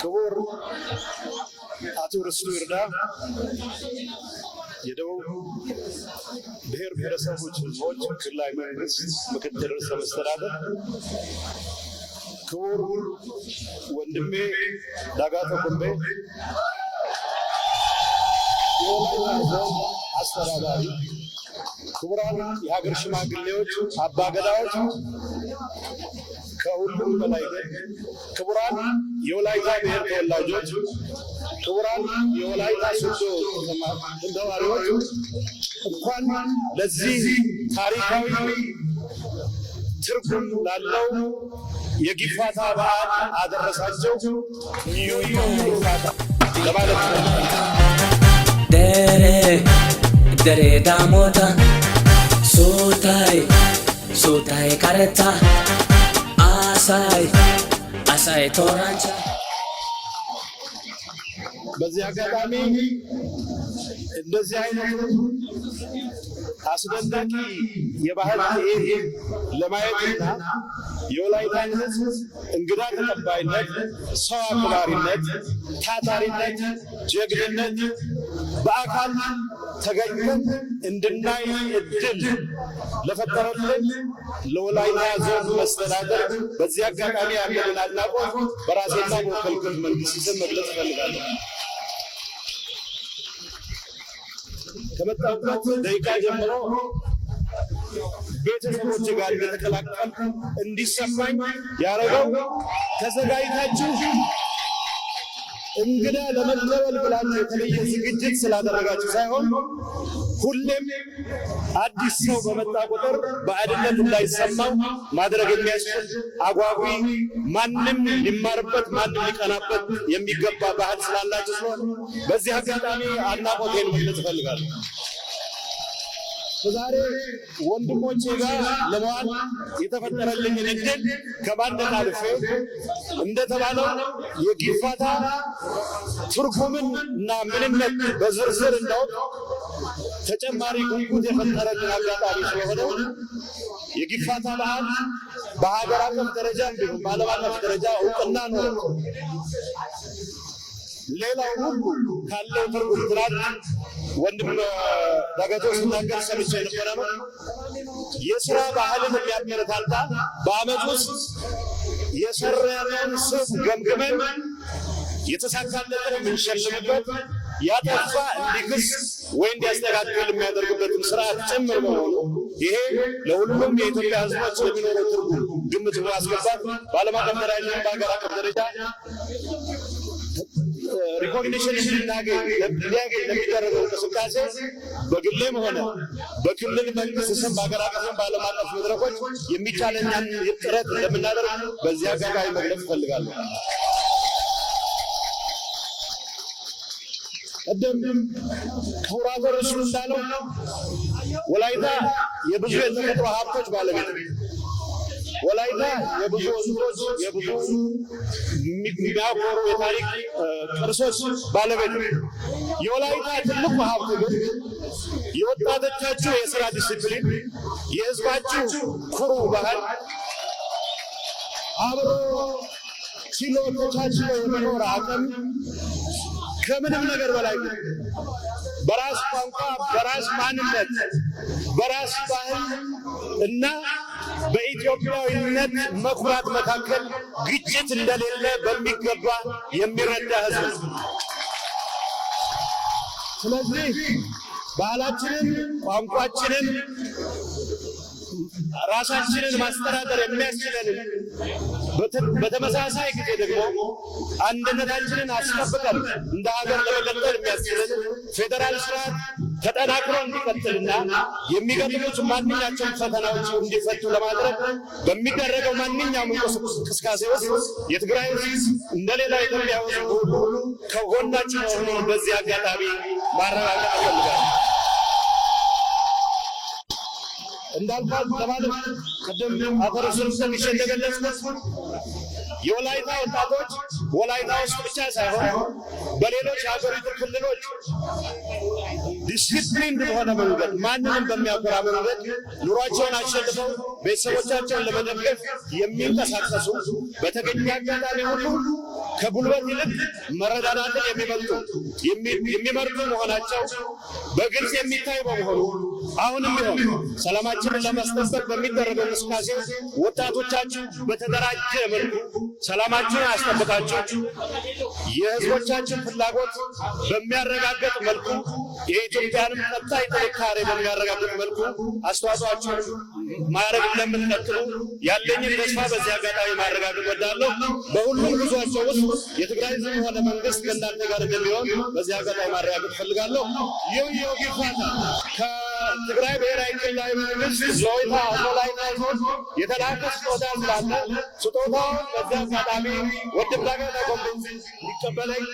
ክቡር አቶ ርስቱ ይርዳ የደቡብ ብሔር ብሔረሰቦች ሕዝቦች ክልላዊ መንግስት ምክትል ርዕሰ መስተዳደር፣ ክቡር ወንድሜ ዳጋቶ ኩምቤ አስተዳዳሪ፣ ክቡራን የሀገር ሽማግሌዎች፣ አባገዳዎች ከሁሉም በላይ ክቡራን የወላይታ ብሔር ተወላጆች፣ ክቡራን የወላይታ ሶዶ ነዋሪዎች እንኳን ለዚህ ታሪካዊ ትርጉም ላለው የጊፋታ በዓል አደረሳቸው ዩዩ ለማለት ነው። ደሬ ደሬ ዳሞታ ሱታይ ሱታይ ካረታ አሳይ አሳይ ቶራንቻ በዚህ አጋጣሚ እንደዚህ አይነቱ አስደናቂ የባህል ለማየት ለማየትና የወላይታን ሕዝብ እንግዳ ተቀባይነት፣ ሰው አክባሪነት፣ ታታሪነት፣ ጀግንነት በአካል ተገኝተን እንድናይ እድል ለፈጠረልን ለወላይታ ዞን መስተዳደር በዚህ አጋጣሚ ያለንን አድናቆት በራሴና በወከልኩት መንግስት ስም መግለጽ እፈልጋለሁ። ከመጣሁበት ደቂቃ ጀምሮ ቤተሰቦች ጋር እንደተቀላቀል እንዲሰማኝ ያደረገው ተዘጋጅታችሁ እንግዳ ለመቀበል ብላችሁ የተለየ ዝግጅት ስላደረጋችሁ ሳይሆን ሁሌም አዲስ ሰው በመጣ ቁጥር በአድነት እንዳይሰማው ማድረግ የሚያስችል አጓጊ ማንም ሊማርበት ማንም ሊቀናበት የሚገባ ባህል ስላላችሁ ስለሆነ በዚህ አጋጣሚ አድናቆቴን መግለጽ እፈልጋለሁ። በዛሬ ወንድሞቼ ጋር ለመዋል የተፈጠረልኝ እድል ከማንም አልፌ እንደተባለው የጊፋታ ትርጉምን እና ምንነት በዝርዝር እንዳውቅ ተጨማሪ ጉጉት የፈጠረልን አጋጣሚ ስለሆነ የጊፋታ በዓል በሀገር አቀፍ ደረጃ እንዲሁም በዓለም አቀፍ ደረጃ እውቅና ነው። ሌላው ሁሉ ካለው ትርጉም ትናንት ወንድም ዳገቶ ሲናገር ሰምቼ የነበረ ነው። የስራ ባህልን የሚያበረታታ በአመት ውስጥ የሰራነውን ስፍ ገምግመን የተሳካለትን የምንሸልምበት ያጠፋ እንዲክስ ወይ እንዲያስተካክል የሚያደርግበትን ስርዓት ጭምር መሆኑ ይሄ ለሁሉም የኢትዮጵያ ሕዝቦች ለሚኖረው ትርጉም ግምት በማስገባት በዓለም አቀፍ ደረጃ በሀገር አቀፍ ደረጃ ሪኮግኒሽን እንድናገኝ እንዲያገኝ ለሚደረገው እንቅስቃሴ በግሌም ሆነ በክልል መንግስት ስም በሀገር አቀፍም በዓለም አቀፍ መድረኮች የሚቻለኛን ጥረት ለምናደርግ በዚህ አጋጣሚ መግለጽ እፈልጋለሁ። ቀደም ክቡራቶር እሱ እንዳለው ወላይታ የብዙ የተፈጥሮ ሀብቶች ባለቤት ወላይታ የብዙ ህዝቦች የብዙ የሚያኮሩ የታሪክ ቅርሶች ባለቤት የወላይታ ትልቁ ሀብት ግን የወጣቶቻችሁ የስራ ዲስፕሊን፣ የህዝባችሁ ኩሩ ባህል አብሮ ችሎ ተቻችሎ የመኖር አቅም ከምንም ነገር በላይ በራስ ቋንቋ፣ በራስ ማንነት፣ በራስ ባህል እና በኢትዮጵያዊነት መኩራት መካከል ግጭት እንደሌለ በሚገባ የሚረዳ ህዝብ። ስለዚህ ባህላችንን፣ ቋንቋችንን ራሳችንን ማስተዳደር የሚያስችለንን በተመሳሳይ ጊዜ ደግሞ አንድነታችንን አስጠብቀን እንደ ሀገር ለመቀጠል የሚያስችልን ፌዴራል ስርዓት ተጠናክሮ እንዲቀጥልና የሚገጥሙት ማንኛቸውም ፈተናዎች እንዲፈቱ ለማድረግ በሚደረገው ማንኛውም እንቅስቃሴ ውስጥ የትግራይ ህዝብ እንደሌላ ኢትዮጵያ ሕዝብ ሁሉ ከጎናችን ሆኖ በዚህ አጋጣሚ ማረጋገጥ ፈልጋል። እንዳልኳል ተባለ። ቅድም አፈረሱን ትንሽ እንደገለጽኩት የወላይታ ወጣቶች ወላይታ ውስጥ ብቻ ሳይሆን በሌሎች የሀገሪቱ ክልሎች ዲስፕሊን በሆነ መንገድ ማንንም በሚያኮራ መንገድ ኑሯቸውን አሸንፈው ቤተሰቦቻቸውን ለመደገፍ የሚንቀሳቀሱ በተገኘ አጋጣሚ ሁሉ ከጉልበት ይልቅ መረዳዳትን የሚመጡ የሚመርጡ መሆናቸው በግልጽ የሚታይ በመሆኑ አሁንም ቢሆን ሰላማችንን ለማስጠበቅ በሚደረገው እንቅስቃሴ ወጣቶቻችሁ በተደራጀ መልኩ ሰላማችሁን አስጠብቃችሁ የህዝቦቻችን ፍላጎት በሚያረጋግጥ መልኩ የኢትዮጵያንም ቀጣይ ጥንካሬ በሚያረጋግጥ መልኩ አስተዋጽኦአችሁ ማድረግ እንደምትቀጥሉ ያለኝን ተስፋ በዚህ አጋጣሚ ማረጋገጥ ወዳለሁ። በሁሉም ጉዟቸው ውስጥ የትግራይ ዝም ሆነ መንግስት ከእናንተ ጋር እንደሚሆን በዚህ አጋጣሚ ማረጋገጥ ፈልጋለሁ። ይህ የወግ ፋታ ከትግራይ ብሔራዊ ክልላዊ መንግስት ዞይታ ዞላይታ ዞን የተላከ ስጦታ ስላለ ስጦታውን በዚህ አጋጣሚ ወድም ዳገ ተቆም ሊቀበለኝ